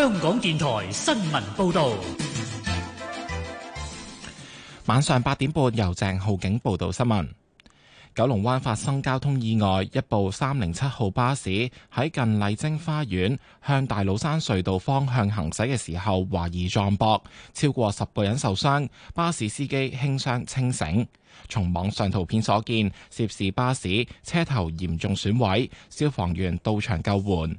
香港電台新聞報道，晚上八點半由鄭浩景報道新聞。九龍灣發生交通意外，一部三零七號巴士喺近麗晶花園向大老山隧道方向行駛嘅時候，懷疑撞博，超過十個人受傷，巴士司機輕傷清醒。從網上圖片所見，涉事巴士車頭嚴重損毀，消防員到場救援。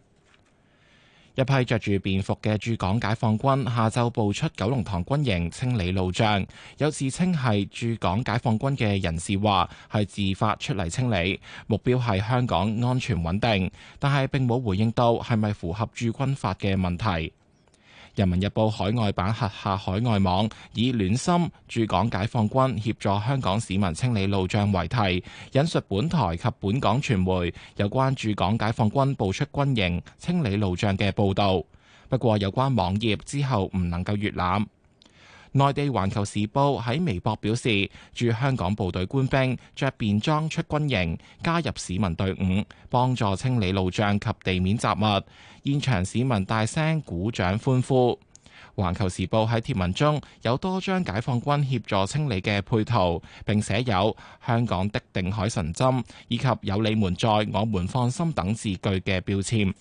一批着住便服嘅駐港解放軍下晝步出九龍塘軍營清理路障，有自稱係駐港解放軍嘅人士話，係自發出嚟清理，目標係香港安全穩定，但係並冇回應到係咪符合駐軍法嘅問題。《人民日報海外版》轄下海外網以「暖心駐港解放軍協助香港市民清理路障」為題，引述本台及本港傳媒有關駐港解放軍步出軍營清理路障嘅報導。不過，有關網頁之後唔能夠閱覽。內地《環球時報》喺微博表示，駐香港部隊官兵着便裝出軍營，加入市民隊伍，幫助清理路障及地面雜物。現場市民大聲鼓掌歡呼。《環球時報》喺帖文中有多張解放軍協助清理嘅配圖，並寫有「香港的定海神針」以及「有你們在，我們放心」等字句嘅標籤。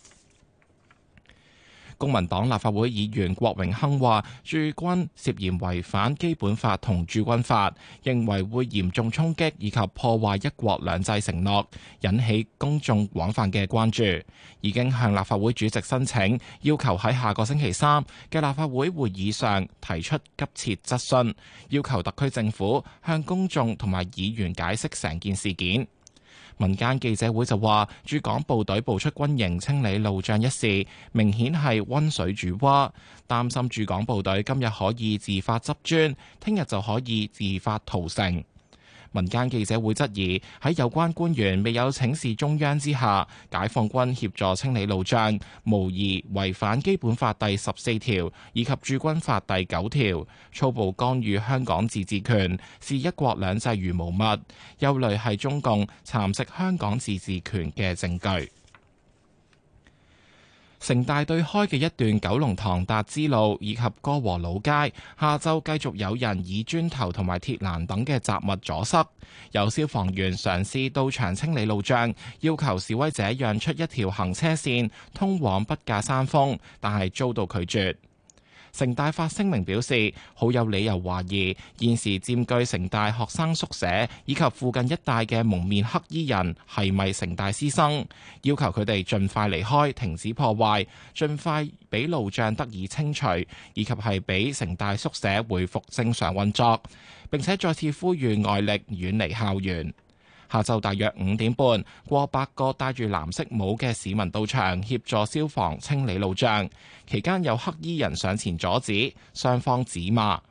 公民黨立法會議員郭榮鏗話：駐軍涉嫌違反基本法同駐軍法，認為會嚴重衝擊以及破壞一國兩制承諾，引起公眾廣泛嘅關注。已經向立法會主席申請，要求喺下個星期三嘅立法會會議上提出急切質詢，要求特區政府向公眾同埋議員解釋成件事件。民間記者會就話：駐港部隊步出軍營清理路障一事，明顯係温水煮蛙，擔心駐港部隊今日可以自發執磚，聽日就可以自發屠城。民間記者會質疑喺有關官員未有請示中央之下，解放軍協助清理路障，無疑違反基本法第十四條以及駐軍法第九條，粗暴干預香港自治權，視一國兩制如無物，憂慮係中共蠶食香港自治權嘅證據。城大對開嘅一段九龍塘達之路以及歌和老街，下晝繼續有人以磚頭同埋鐵欄等嘅雜物阻塞，有消防員嘗試到場清理路障，要求示威者讓出一條行車線通往畢架山峰，但係遭到拒絕。城大發聲明表示，好有理由懷疑現時佔據城大學生宿舍以及附近一帶嘅蒙面黑衣人係咪城大師生，要求佢哋盡快離開，停止破壞，盡快俾路障得以清除，以及係俾城大宿舍回復正常運作。並且再次呼籲外力遠離校園。下晝大約五點半，過百個戴住藍色帽嘅市民到場協助消防清理路障，期間有黑衣人上前阻止，雙方指罵，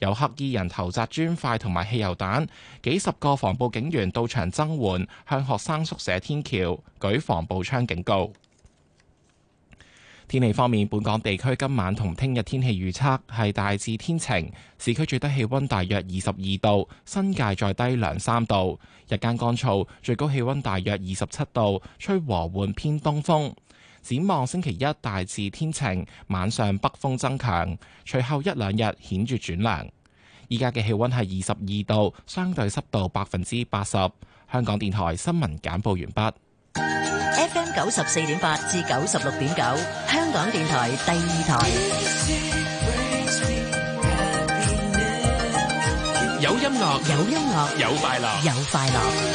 有黑衣人投擲磚塊同埋汽油彈，幾十個防暴警員到場增援，向學生宿舍天橋舉防暴槍警告。天氣方面，本港地區今晚同聽日天氣預測係大致天晴，市區最低氣溫大約二十二度，新界再低兩三度。日間乾燥，最高氣溫大約二十七度，吹和緩偏東風。展望星期一，大致天晴，晚上北風增強，隨後一兩日顯著轉涼。依家嘅氣溫係二十二度，相對濕度百分之八十。香港電台新聞簡報完畢。FM 九十四點八至九十六點九，香港電台第二台。有音樂，有音樂，有快樂，有快樂。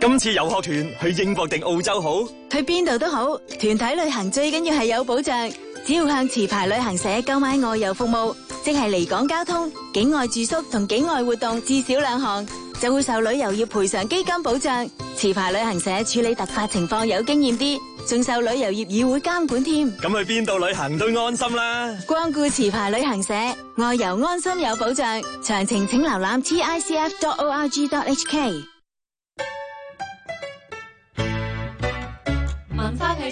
今次遊學團去英國定澳洲好？去邊度都好，團體旅行最緊要係有保障。只要向持牌旅行社購買外遊服務，即係離港交通、境外住宿同境外活動至少兩項，就會受旅遊業賠償基金保障。持牌旅行社處理突發情況有經驗啲，仲受旅遊業議會監管添。咁去邊度旅行都安心啦！光顧持牌旅行社，外遊安心有保障。詳情請瀏覽 TICF.org.hk。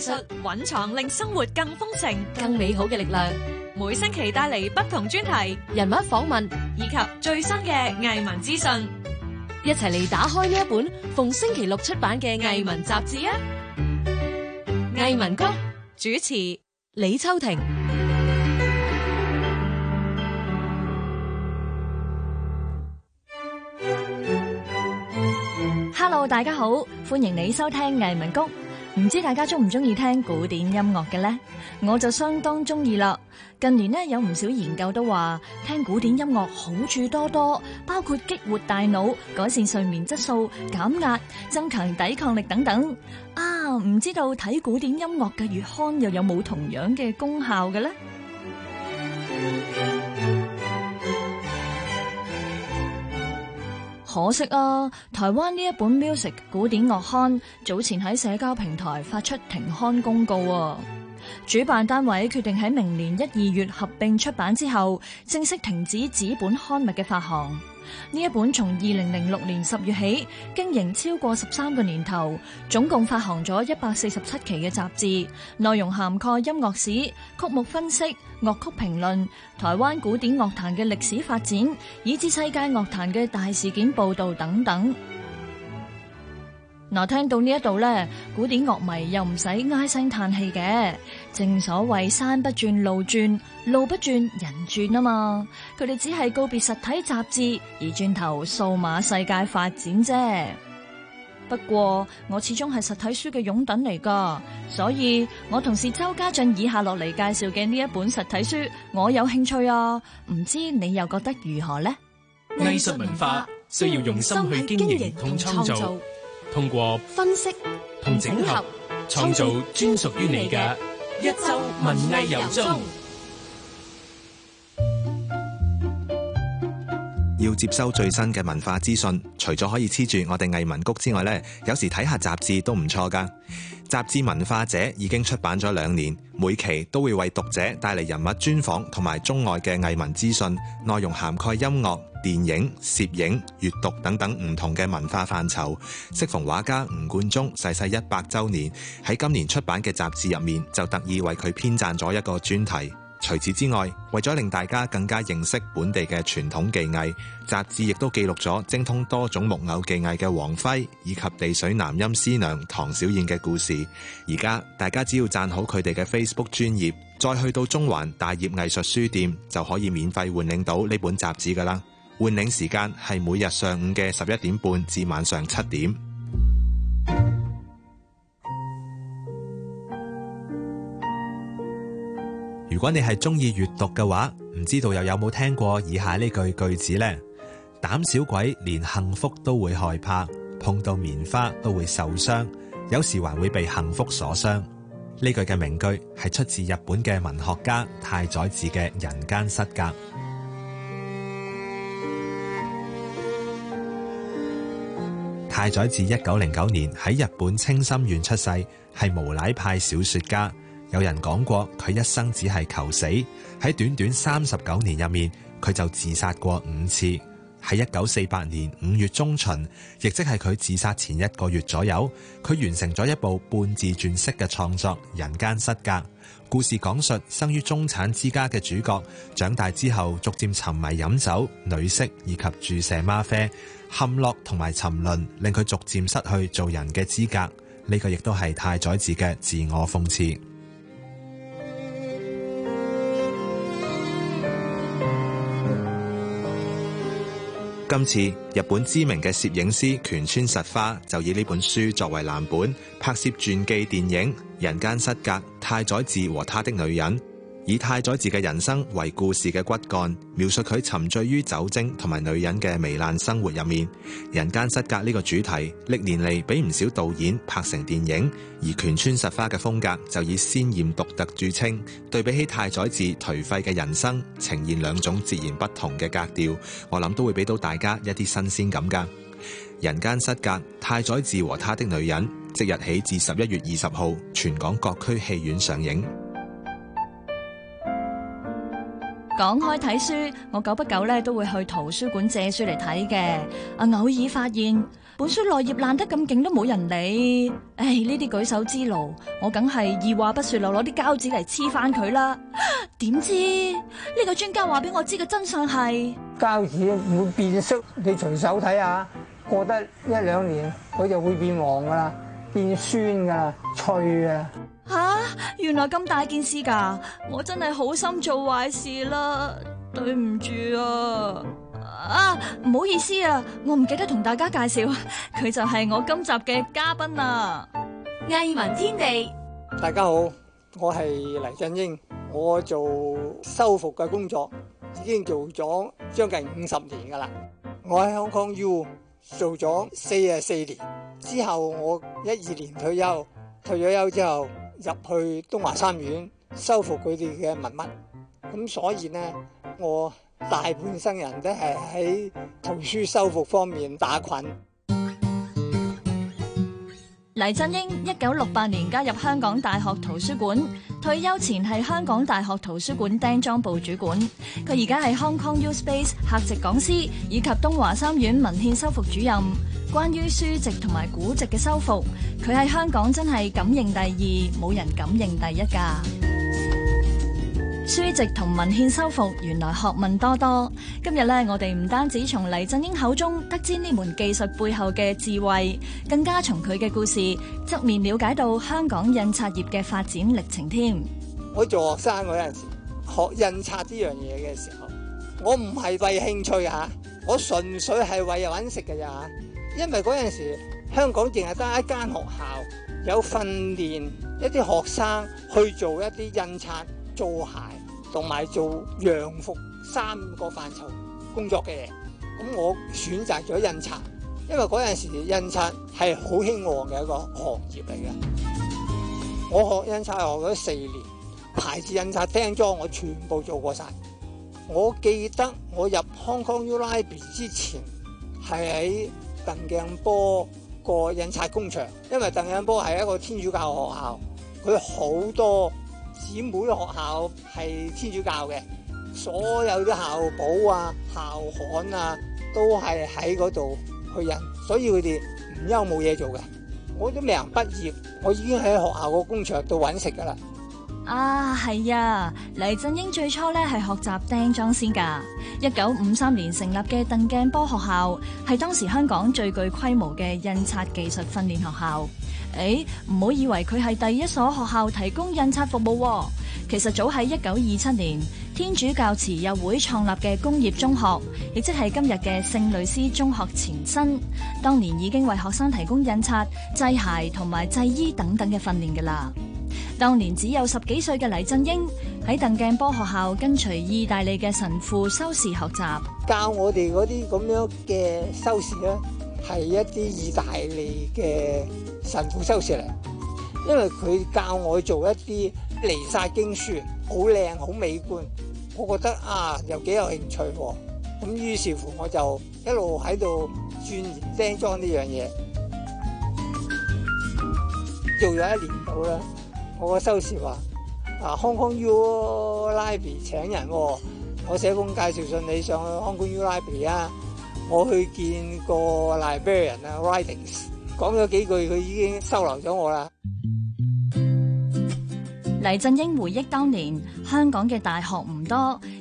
蘊藏令生活更豐盛、更美好嘅力量，每星期帶嚟不同專題、人物訪問以及最新嘅藝文資訊，一齊嚟打開呢一本逢星期六出版嘅藝文雜誌啊！藝文谷主持李秋婷，Hello，大家好，歡迎你收聽藝文谷。唔知大家中唔中意聽古典音樂嘅呢？我就相當中意啦。近年呢，有唔少研究都話聽古典音樂好處多多，包括激活大腦、改善睡眠質素、減壓、增強抵抗力等等。啊，唔知道睇古典音樂嘅月刊又有冇同樣嘅功效嘅呢？可惜啊，台灣呢一本 music 古典樂刊早前喺社交平台發出停刊公告啊。主辦單位決定喺明年一二月合併出版之後，正式停止紙本刊物嘅發行。呢一本從二零零六年十月起經營超過十三個年頭，總共發行咗一百四十七期嘅雜誌，內容涵蓋音樂史、曲目分析、樂曲評論、台灣古典樂壇嘅歷史發展，以至世界樂壇嘅大事件報道等等。嗱，聽到呢一度呢，古典樂迷又唔使唉聲嘆氣嘅。正所謂山不轉路轉，路不轉人轉啊嘛！佢哋只係告別實體雜誌，而轉頭數碼世界發展啫。不過我始終係實體書嘅擁躉嚟㗎，所以我同事周家俊以下落嚟介紹嘅呢一本實體書，我有興趣啊！唔知你又覺得如何呢？藝術文化需要用心去經營同創造，創造通過分析同整合，創造專屬於你嘅。一周文藝遊蹤。要接收最新嘅文化資訊，除咗可以黐住我哋藝文谷之外咧，有時睇下雜誌都唔錯噶。雜誌《文化者》已經出版咗兩年，每期都會為讀者帶嚟人物專訪同埋中外嘅藝文資訊，內容涵蓋音樂、電影、攝影、閱讀等等唔同嘅文化範疇，適逢畫家吳冠中逝世一百周年，喺今年出版嘅雜誌入面就特意為佢編撰咗一個專題。除此之外，為咗令大家更加認識本地嘅傳統技藝，雜誌亦都記錄咗精通多種木偶技藝嘅黃輝，以及地水南音師娘唐小燕嘅故事。而家大家只要讚好佢哋嘅 Facebook 專頁，再去到中環大業藝術書店就可以免費換領到呢本雜誌噶啦。換領時間係每日上午嘅十一點半至晚上七點。如果你係中意閲讀嘅話，唔知道又有冇聽過以下呢句句子呢：「膽小鬼連幸福都會害怕，碰到棉花都會受傷，有時還會被幸福所傷。」呢句嘅名句係出自日本嘅文學家太宰治嘅《人間失格》。太宰治一九零九年喺日本青森縣出世，係無賴派小説家。有人講過佢一生只係求死，喺短短三十九年入面，佢就自殺過五次。喺一九四八年五月中旬，亦即係佢自殺前一個月左右，佢完成咗一部半自傳式嘅創作《人間失格》。故事講述生於中產之家嘅主角長大之後，逐漸沉迷飲酒、女色以及注射嗎啡，陷落同埋沉淪，令佢逐漸失去做人嘅資格。呢個亦都係太宰治嘅自我諷刺。今次日本知名嘅攝影師蜷川實花就以呢本書作為藍本，拍攝傳記電影《人間失格》、太宰治和他的女人。以太宰治嘅人生為故事嘅骨幹，描述佢沉醉於酒精同埋女人嘅糜爛生活入面。人間失格呢個主題歷年嚟俾唔少導演拍成電影。而蜷川實花嘅風格就以鮮艷獨特著稱，對比起太宰治頹廢嘅人生，呈現兩種截然不同嘅格調。我諗都會俾到大家一啲新鮮感噶。人間失格，太宰治和他的女人，即日起至十一月二十號，全港各區戲院上映。講開睇書，我久不久咧都會去圖書館借書嚟睇嘅。啊，偶爾發現本書內頁爛得咁勁都冇人理，唉，呢啲舉手之勞，我梗係二話不說攞攞啲膠紙嚟黐翻佢啦。點知呢個專家話俾我知嘅真相係膠紙會變色，你隨手睇下，過得一兩年佢就會變黃噶啦，變酸噶、啊，脆啊！吓，原來咁大件事噶，我真係好心做壞事啦，對唔住啊！啊，唔好意思啊，我唔記得同大家介紹，佢就係我今集嘅嘉賓啊，藝文天地。大家好，我係黎鎮英，我做修復嘅工作已經做咗將近五十年噶啦。我喺香港 U 做咗四十四年之後，我一二年退休，退咗休之後。入去東華三院修復佢哋嘅文物，咁所以呢，我大半生人都係喺圖書修復方面打滾。黎鎮英一九六八年加入香港大學圖書館，退休前係香港大學圖書館釘裝部主管。佢而家係 Hong Kong U Space 客席講師以及東華三院文獻修復主任。關於書籍同埋古籍嘅修復，佢喺香港真係敢認第二，冇人敢認第一噶。書籍同文獻修復，原來學問多多。今日咧，我哋唔單止從黎鎮英口中得知呢門技術背後嘅智慧，更加從佢嘅故事側面了解到香港印刷業嘅發展歷程。添，我做學生嗰陣時學印刷呢樣嘢嘅時候，我唔係為興趣吓，我純粹係為揾食㗎咋。因為嗰陣時香港淨係得一間學校有訓練一啲學生去做一啲印刷做鞋，同埋做洋服三個範疇工作嘅，咁我選擇咗印刷，因為嗰陣時印刷係好興旺嘅一個行業嚟嘅。我學印刷學咗四年，牌子印刷釘裝我全部做過晒。我記得我入 Hong Kong U Lib 之前係喺鄧鏡波個印刷工場，因為鄧鏡波係一個天主教學校，佢好多，姊妹學校係天主教嘅，所有啲校報啊、校刊啊，都係喺嗰度去印，所以佢哋唔憂冇嘢做嘅。我都未人畢業，我已經喺學校個工場度揾食噶啦。啊，係啊！黎鎮英最初咧係學習釘裝先噶。一九五三年成立嘅鄧鏡波學校，係當時香港最具規模嘅印刷技術訓練學校。誒，唔好，欸、以為佢係第一所學校提供印刷服務。啊，其實早喺一九二七年天主教慈幼會創立嘅工業中學，亦即係今日嘅聖類斯中學前身，當年已經為學生提供印刷、製鞋同埋製衣等等嘅訓練噶啦。當年只有十幾歲嘅黎鎮英喺鄧鏡波學校跟隨意大利嘅神父修士學習，教我哋嗰啲咁樣嘅修士啊。係一啲意大利嘅神父收市嚟，因為佢教我做一啲泥沙經書，好靚好美觀，我覺得啊又幾有興趣喎、哦，咁於是乎我就一路喺度鑽研釘裝呢樣嘢，做咗一年到啦，我個收市話啊康管 U l i b 拉 y 請人喎、哦，我寫封介紹信你上去康管 U l i b 拉 y 啊。我去見過拉比人啊，Riding 斯講咗幾句，佢已經收留咗我啦。黎鎮英回憶當年香港嘅大學唔多，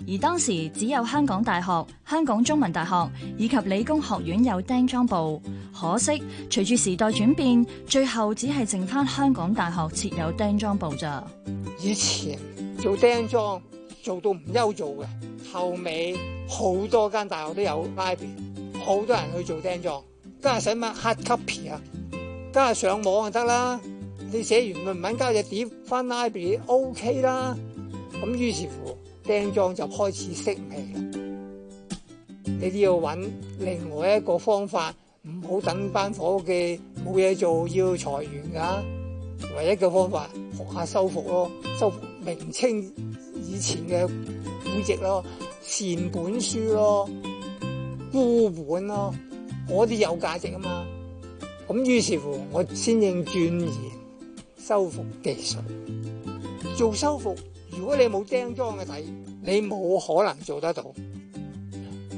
而當時只有香港大學、香港中文大學以及理工學院有釘裝部。可惜隨住時代轉變，最後只係剩翻香港大學設有釘裝部咋。以前做釘裝做到唔休做嘅，後尾好多間大學都有拉比。好多人去做釘裝，家下使乜 hard copy 啊？家下上網就得啦，你寫完論文，文，交隻碟翻 Ivy OK 啦。咁於是乎釘裝就開始式微啦。你都要揾另外一個方法，唔好等班伙計冇嘢做要裁員噶。唯一嘅方法學下修復咯，修復明清以前嘅古籍咯，善本書咯。孤本咯，我啲有價值啊嘛，咁於是乎我先應鑽研修復技術，做修復，如果你冇釘裝嘅仔，你冇可能做得到。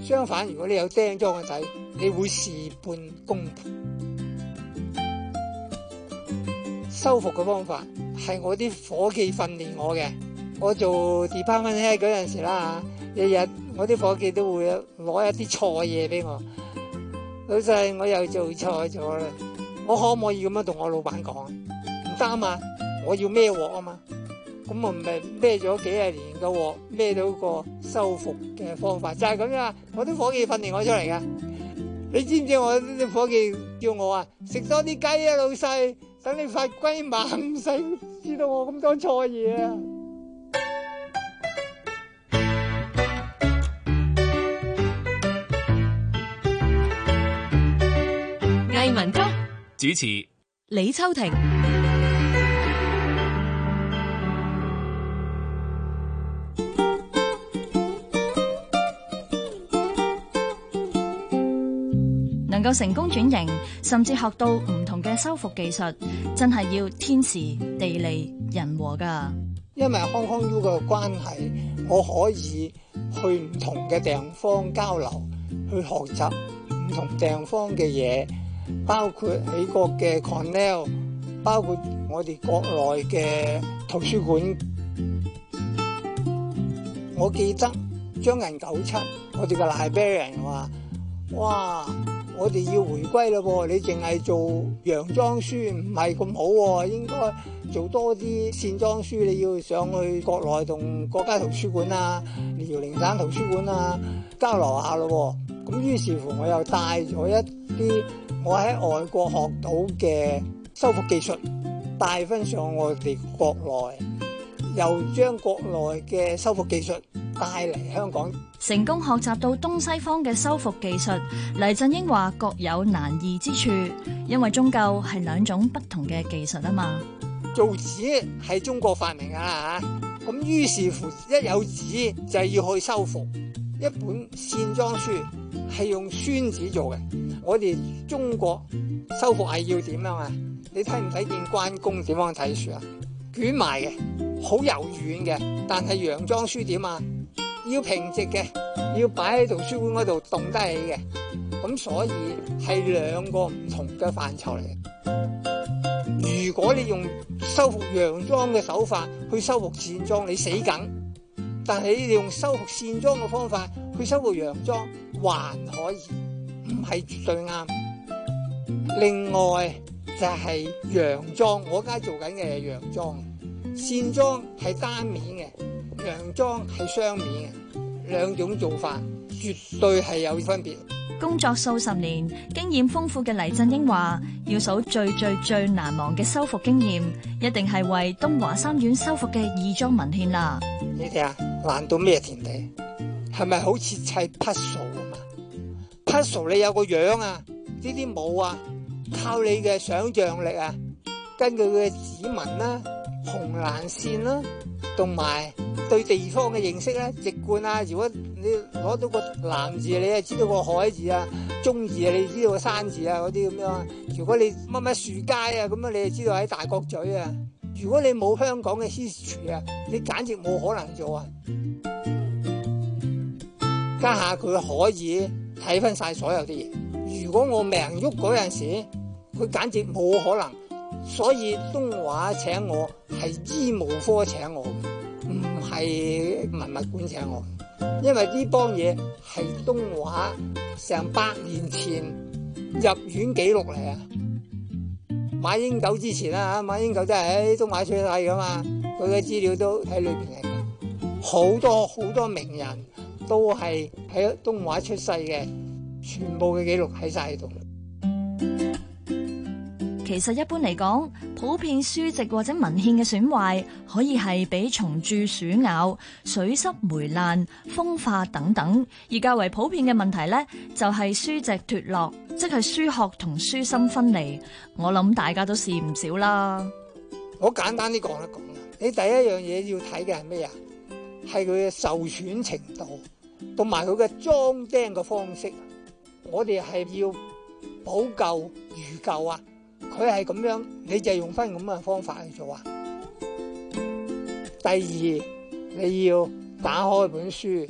相反，如果你有釘裝嘅仔，你會事半功倍。修復嘅方法係我啲伙計訓練我嘅，我做 department head 嗰陣時啦吓，日日。我啲伙計都會攞一啲錯嘢俾我老，老細，我又做錯咗啦！我可唔可以咁樣同我老闆講？唔得嘛！我要孭鑊啊嘛！咁我唔係孭咗幾廿年嘅鑊，孭到個修復嘅方法就係、是、咁樣。我啲伙計訓練我出嚟㗎。你知唔知我啲伙計叫我啊，食多啲雞啊，老細，等你發雞盲唔使知道我咁多錯嘢啊！藝文谷主持李秋婷能夠成功轉型，甚至學到唔同嘅修復技術，真係要天時地利人和㗎。因為康康 U 嘅關係，我可以去唔同嘅地方交流，去學習唔同地方嘅嘢。包括美國嘅 Cornell，包括我哋國內嘅圖書館。我記得將近九七，我哋個 librarian 話：哇！我哋要回歸嘞噃，你淨係做洋裝書唔係咁好喎，應該做多啲線裝書。你要上去國內同國家圖書館啊、遼寧省圖書館啊交流下咯。咁於是乎，我又帶咗一啲。我喺外國學到嘅修復技術，帶翻上我哋國內，又將國內嘅修復技術帶嚟香港。成功學習到東西方嘅修復技術，黎鎮英話各有難易之處，因為宗教係兩種不同嘅技術啊嘛。造紙喺中國發明㗎吓，咁於是乎一有紙就要去修復一本線裝書。係用宣紙做嘅，我哋中國修復係要點樣啊？你睇唔睇見關公點樣睇書啊？捲埋嘅，好柔軟嘅，但係洋裝書點啊？要平直嘅，要擺喺圖書館嗰度戙低起嘅，咁所以係兩個唔同嘅範疇嚟嘅。如果你用修復洋裝嘅手法去修復戰裝，你死梗。但係你用修復線裝嘅方法去修復洋裝還可以，唔係絕對啱。另外就係洋裝，我家做緊嘅洋裝，線裝係單面嘅，洋裝係雙面嘅，兩種做法絕對係有分別。工作數十年、經驗豐富嘅黎鎮英話，要數最最最難忘嘅修復經驗，一定係為東華三院修復嘅義莊文獻啦。你睇下。爛到咩田地？係咪好似砌拼圖啊？拼圖你有個樣啊，呢啲冇啊，靠你嘅想象力啊，根據佢嘅指紋啦、啊、紅藍線啦、啊，同埋對地方嘅認識咧、啊，直觀啊。如果你攞到個藍字，你就知道個海字啊；中字啊，你就知道個山字啊嗰啲咁樣。如果你乜乜樹街啊，咁啊，你就知道喺大角咀啊。.如果你冇香港嘅 history 啊，你簡直冇可能做啊！家下佢可以睇翻晒所有啲嘢。如果我命喐嗰陣時，佢簡直冇可能。所以東華請我，係醫務科請我，唔係文物館請我，因為呢幫嘢係東華成百年前入院記錄嚟啊！馬英九之前啦吓，馬英九真係喺東華出世噶嘛，佢嘅資料都喺裏邊嚟嘅，好多好多名人都係喺東華出世嘅，全部嘅記錄喺晒度。其實一般嚟講。普遍書籍或者文獻嘅損壞，可以係俾蟲蛀、鼠咬、水濕霉爛、風化等等。而較為普遍嘅問題咧，就係、是、書籍脫落，即係書殼同書心分離。我諗大家都試唔少啦。我簡單啲講一講，你第一樣嘢要睇嘅係咩啊？係佢嘅受損程度，同埋佢嘅裝釘嘅方式。我哋係要保舊、如舊啊！佢係咁樣，你就係用翻咁嘅方法去做啊。第二，你要打開本書，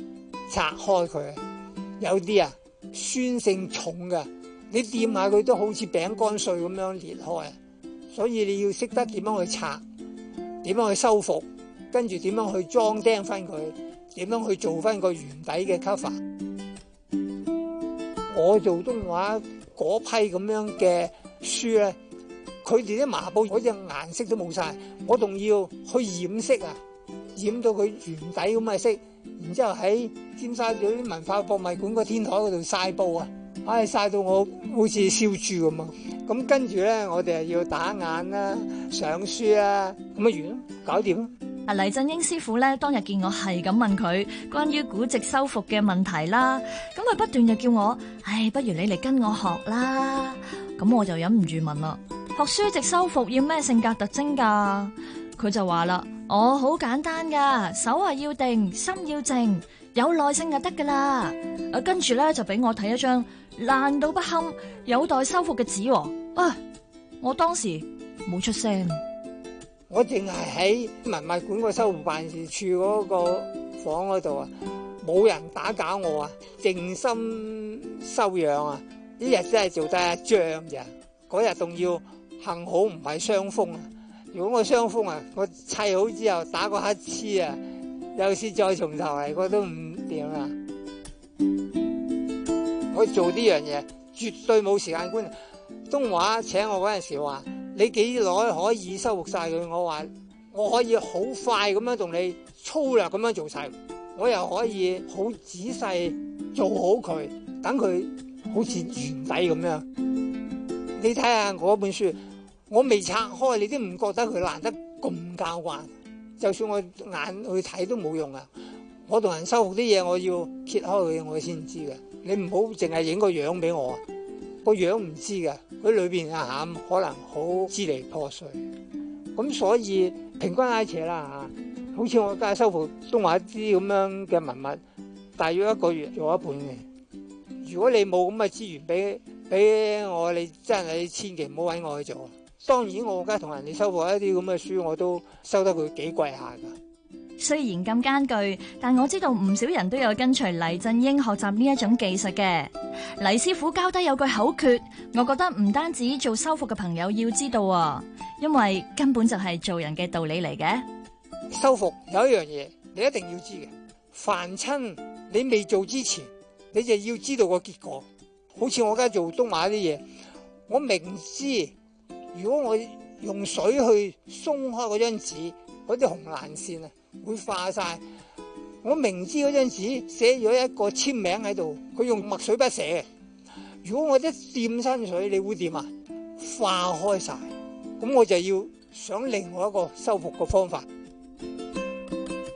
拆開佢。有啲啊酸性重嘅，你掂下佢都好似餅乾碎咁樣裂開。所以你要識得點樣去拆，點樣去修復，跟住點樣去裝釘翻佢，點樣去做翻個原底嘅 cover。我做東華嗰批咁樣嘅書咧。佢哋啲麻布嗰隻、那個、顏色都冇晒，我仲要去染色啊，染到佢原底咁嘅色，然之後喺尖沙咀文化博物館個天台嗰度曬布啊，唉曬到我好似燒豬咁啊！咁跟住咧，我哋要打眼啦、上書啊，咁啊完咯，搞掂啊！黎鎮英師傅咧，當日見我係咁問佢關於古籍修復嘅問題啦，咁佢不斷就叫我唉、哎，不如你嚟跟我學啦。咁我就忍唔住問啦。書籍修復要咩性格特徵噶？佢就話啦，我好簡單噶，手係要定，心要靜，有耐性就得噶啦。誒、啊，跟住咧就俾我睇一張爛到不堪、有待修復嘅紙、哦。啊，我當時冇出聲，我淨係喺文物館個修復辦事處嗰個房嗰度啊，冇人打攪我啊，靜心修養啊，呢日真係做得一張咋，嗰日仲要。幸好唔係傷風啊！如果我傷風啊，我砌好之後打個乞嗤啊，又係再重頭嚟，我都唔掂啦。我做呢樣嘢絕對冇時間觀。東華請我嗰陣時話：你幾耐可以修復晒佢？我話：我可以好快咁樣同你粗略咁樣做晒，我又可以好仔細做好佢，等佢好似原底咁樣。你睇下我本書。我未拆開，你都唔覺得佢爛得咁交關。就算我眼去睇都冇用啊！我同人修復啲嘢，我要揭開佢，我先知嘅。你唔好淨係影個樣俾我，個樣唔知嘅。佢裏邊嘅巖可能好支離破碎。咁所以平均拉扯啦嚇。好似我家下修復東華啲咁樣嘅文物，大約一個月做一本嘅。如果你冇咁嘅資源俾俾我，你真係你千祈唔好揾我去做。當然，我家同人哋修復一啲咁嘅書，我都收得佢幾貴下噶。雖然咁艱巨，但我知道唔少人都有跟隨黎鎮英學習呢一種技術嘅。黎師傅交低有句口訣，我覺得唔單止做修復嘅朋友要知道啊、哦，因為根本就係做人嘅道理嚟嘅。修復有一樣嘢你一定要知嘅，凡親你未做之前，你就要知道個結果。好似我家做東馬啲嘢，我明知。如果我用水去鬆開嗰張紙，嗰啲紅藍線啊會化晒。我明知嗰張紙寫咗一個簽名喺度，佢用墨水筆寫。如果我一掂身水，你會點啊？化開晒，咁我就要想另外一個修復嘅方法。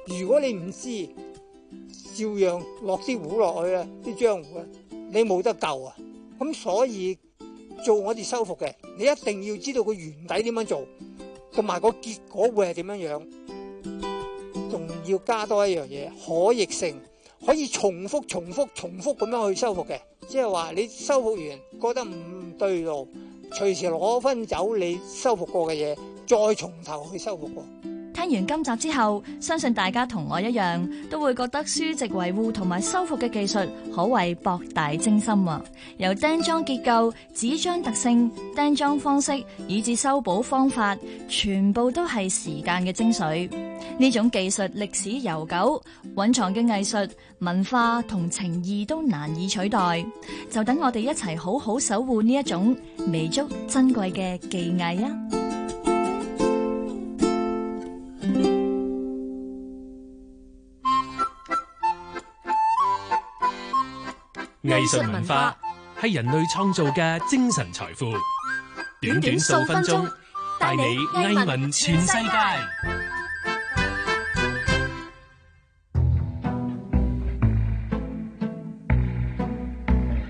如果你唔知，照樣落啲糊落去啊，啲漿糊啊，你冇得救啊。咁所以。做我哋修復嘅，你一定要知道佢原底點樣做，同埋個結果會係點樣樣，仲要加多一樣嘢，可逆性，可以重複、重複、重複咁樣去修復嘅，即係話你修復完覺得唔對路，隨時攞翻走你修復過嘅嘢，再從頭去修復過。聽完今集之後，相信大家同我一樣都會覺得書籍維護同埋修復嘅技術可謂博大精深啊！由釘裝結構、紙張特性、釘裝方式以至修補方法，全部都係時間嘅精髓。呢種技術歷史悠久，蘊藏嘅藝術、文化同情義都難以取代。就等我哋一齊好好守護呢一種彌足珍貴嘅技藝啊！藝術文化係人類創造嘅精神財富。短短數分鐘，帶你藝文全世界。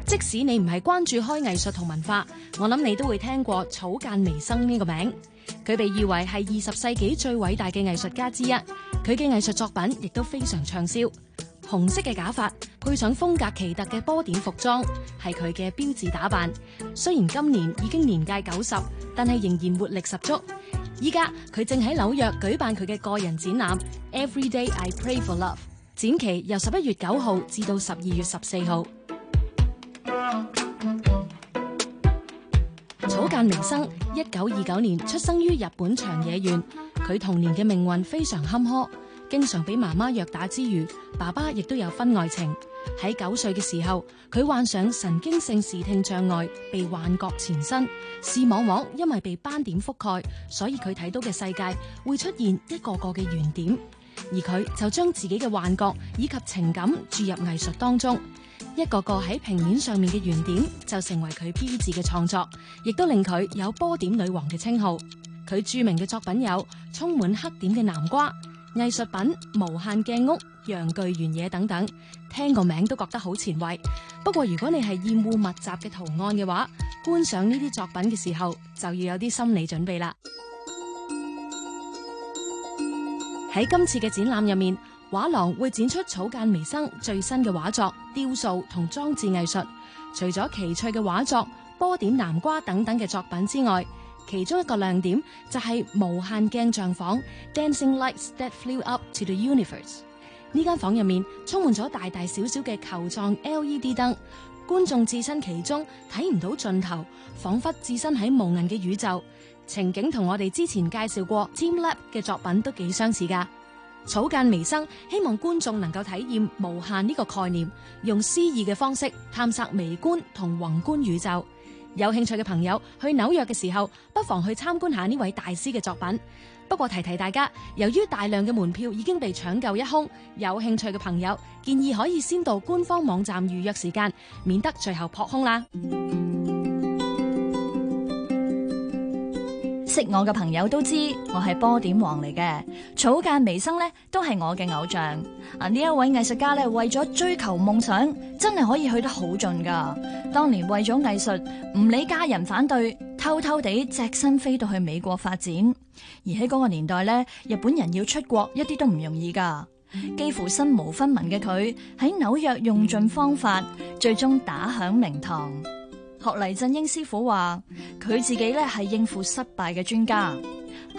即使你唔係關注開藝術同文化，我諗你都會聽過草間彌生呢個名。佢被譽為係二十世紀最偉大嘅藝術家之一，佢嘅藝術作品亦都非常暢銷。紅色嘅假髮，配上風格奇特嘅波點服裝，係佢嘅標誌打扮。雖然今年已經年屆九十，但係仍然活力十足。依家佢正喺紐約舉辦佢嘅個人展覽《Everyday I Pray for Love》，展期由十一月九號至到十二月十四號。草間彌生，一九二九年出生於日本長野縣，佢童年嘅命運非常坎坷。經常俾媽媽虐打之餘，爸爸亦都有婚外情。喺九歲嘅時候，佢患上神經性視聽障礙，被幻覺纏身。視網膜因為被斑點覆蓋，所以佢睇到嘅世界會出現一個個嘅圓點。而佢就將自己嘅幻覺以及情感注入藝術當中，一個個喺平面上面嘅圓點就成為佢標誌嘅創作，亦都令佢有波點女王嘅稱號。佢著名嘅作品有充滿黑點嘅南瓜。藝術品、無限鏡屋、陽具原野等等，聽個名都覺得好前衛。不過如果你係厭惡密集嘅圖案嘅話，觀賞呢啲作品嘅時候就要有啲心理準備啦。喺 今次嘅展覽入面，畫廊會展出草間彌生最新嘅畫作、雕塑同裝置藝術。除咗奇趣嘅畫作、波點南瓜等等嘅作品之外，其中一個亮點就係無限鏡像房，Dancing lights that flew up to the universe。呢間房入面充滿咗大大小小嘅球狀 LED 燈，觀眾置身其中睇唔到盡頭，仿佛置身喺無垠嘅宇宙。情景同我哋之前介紹過 teamLab 嘅作品都幾相似㗎。草間彌生希望觀眾能夠體驗無限呢個概念，用詩意嘅方式探索微觀同宏觀宇宙。有興趣嘅朋友去紐約嘅時候，不妨去參觀下呢位大師嘅作品。不過提提大家，由於大量嘅門票已經被搶購一空，有興趣嘅朋友建議可以先到官方網站預約時間，免得最後撲空啦。識我嘅朋友都知，我係波點王嚟嘅，草間彌生咧都係我嘅偶像。啊，呢一位藝術家咧為咗追求夢想，真係可以去得好盡噶。當年為咗藝術，唔理家人反對，偷偷地隻身飛到去美國發展。而喺嗰個年代咧，日本人要出國一啲都唔容易噶，幾乎身無分文嘅佢喺紐約用盡方法，最終打響名堂。學黎鎮英師傅話，佢自己咧係應付失敗嘅專家。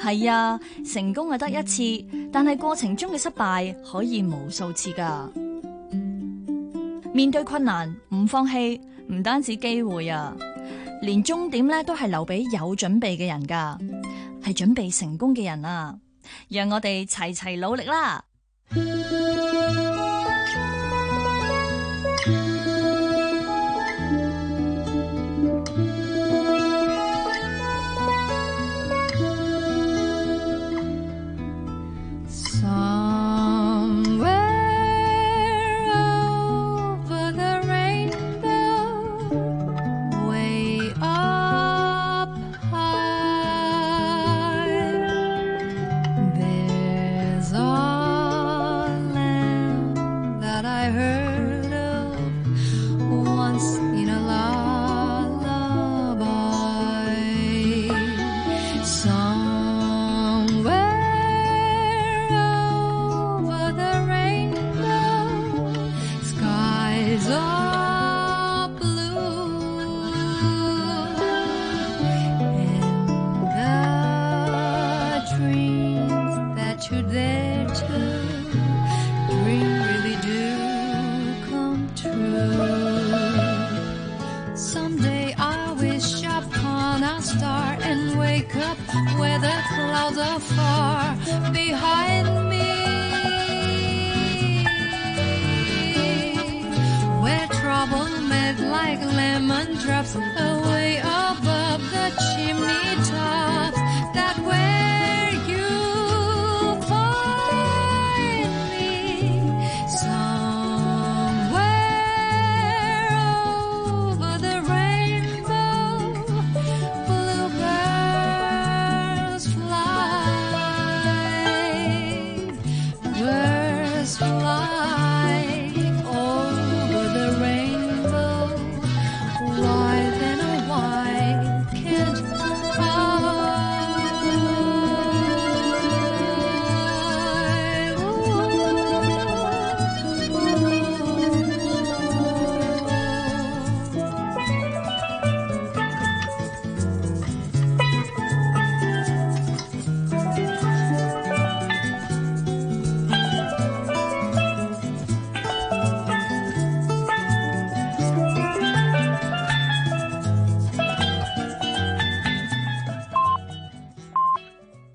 係啊，成功就得一次，但係過程中嘅失敗可以無數次噶。面對困難唔放棄，唔單止機會啊，連終點咧都係留俾有準備嘅人噶，係準備成功嘅人啊！讓我哋齊齊努力啦！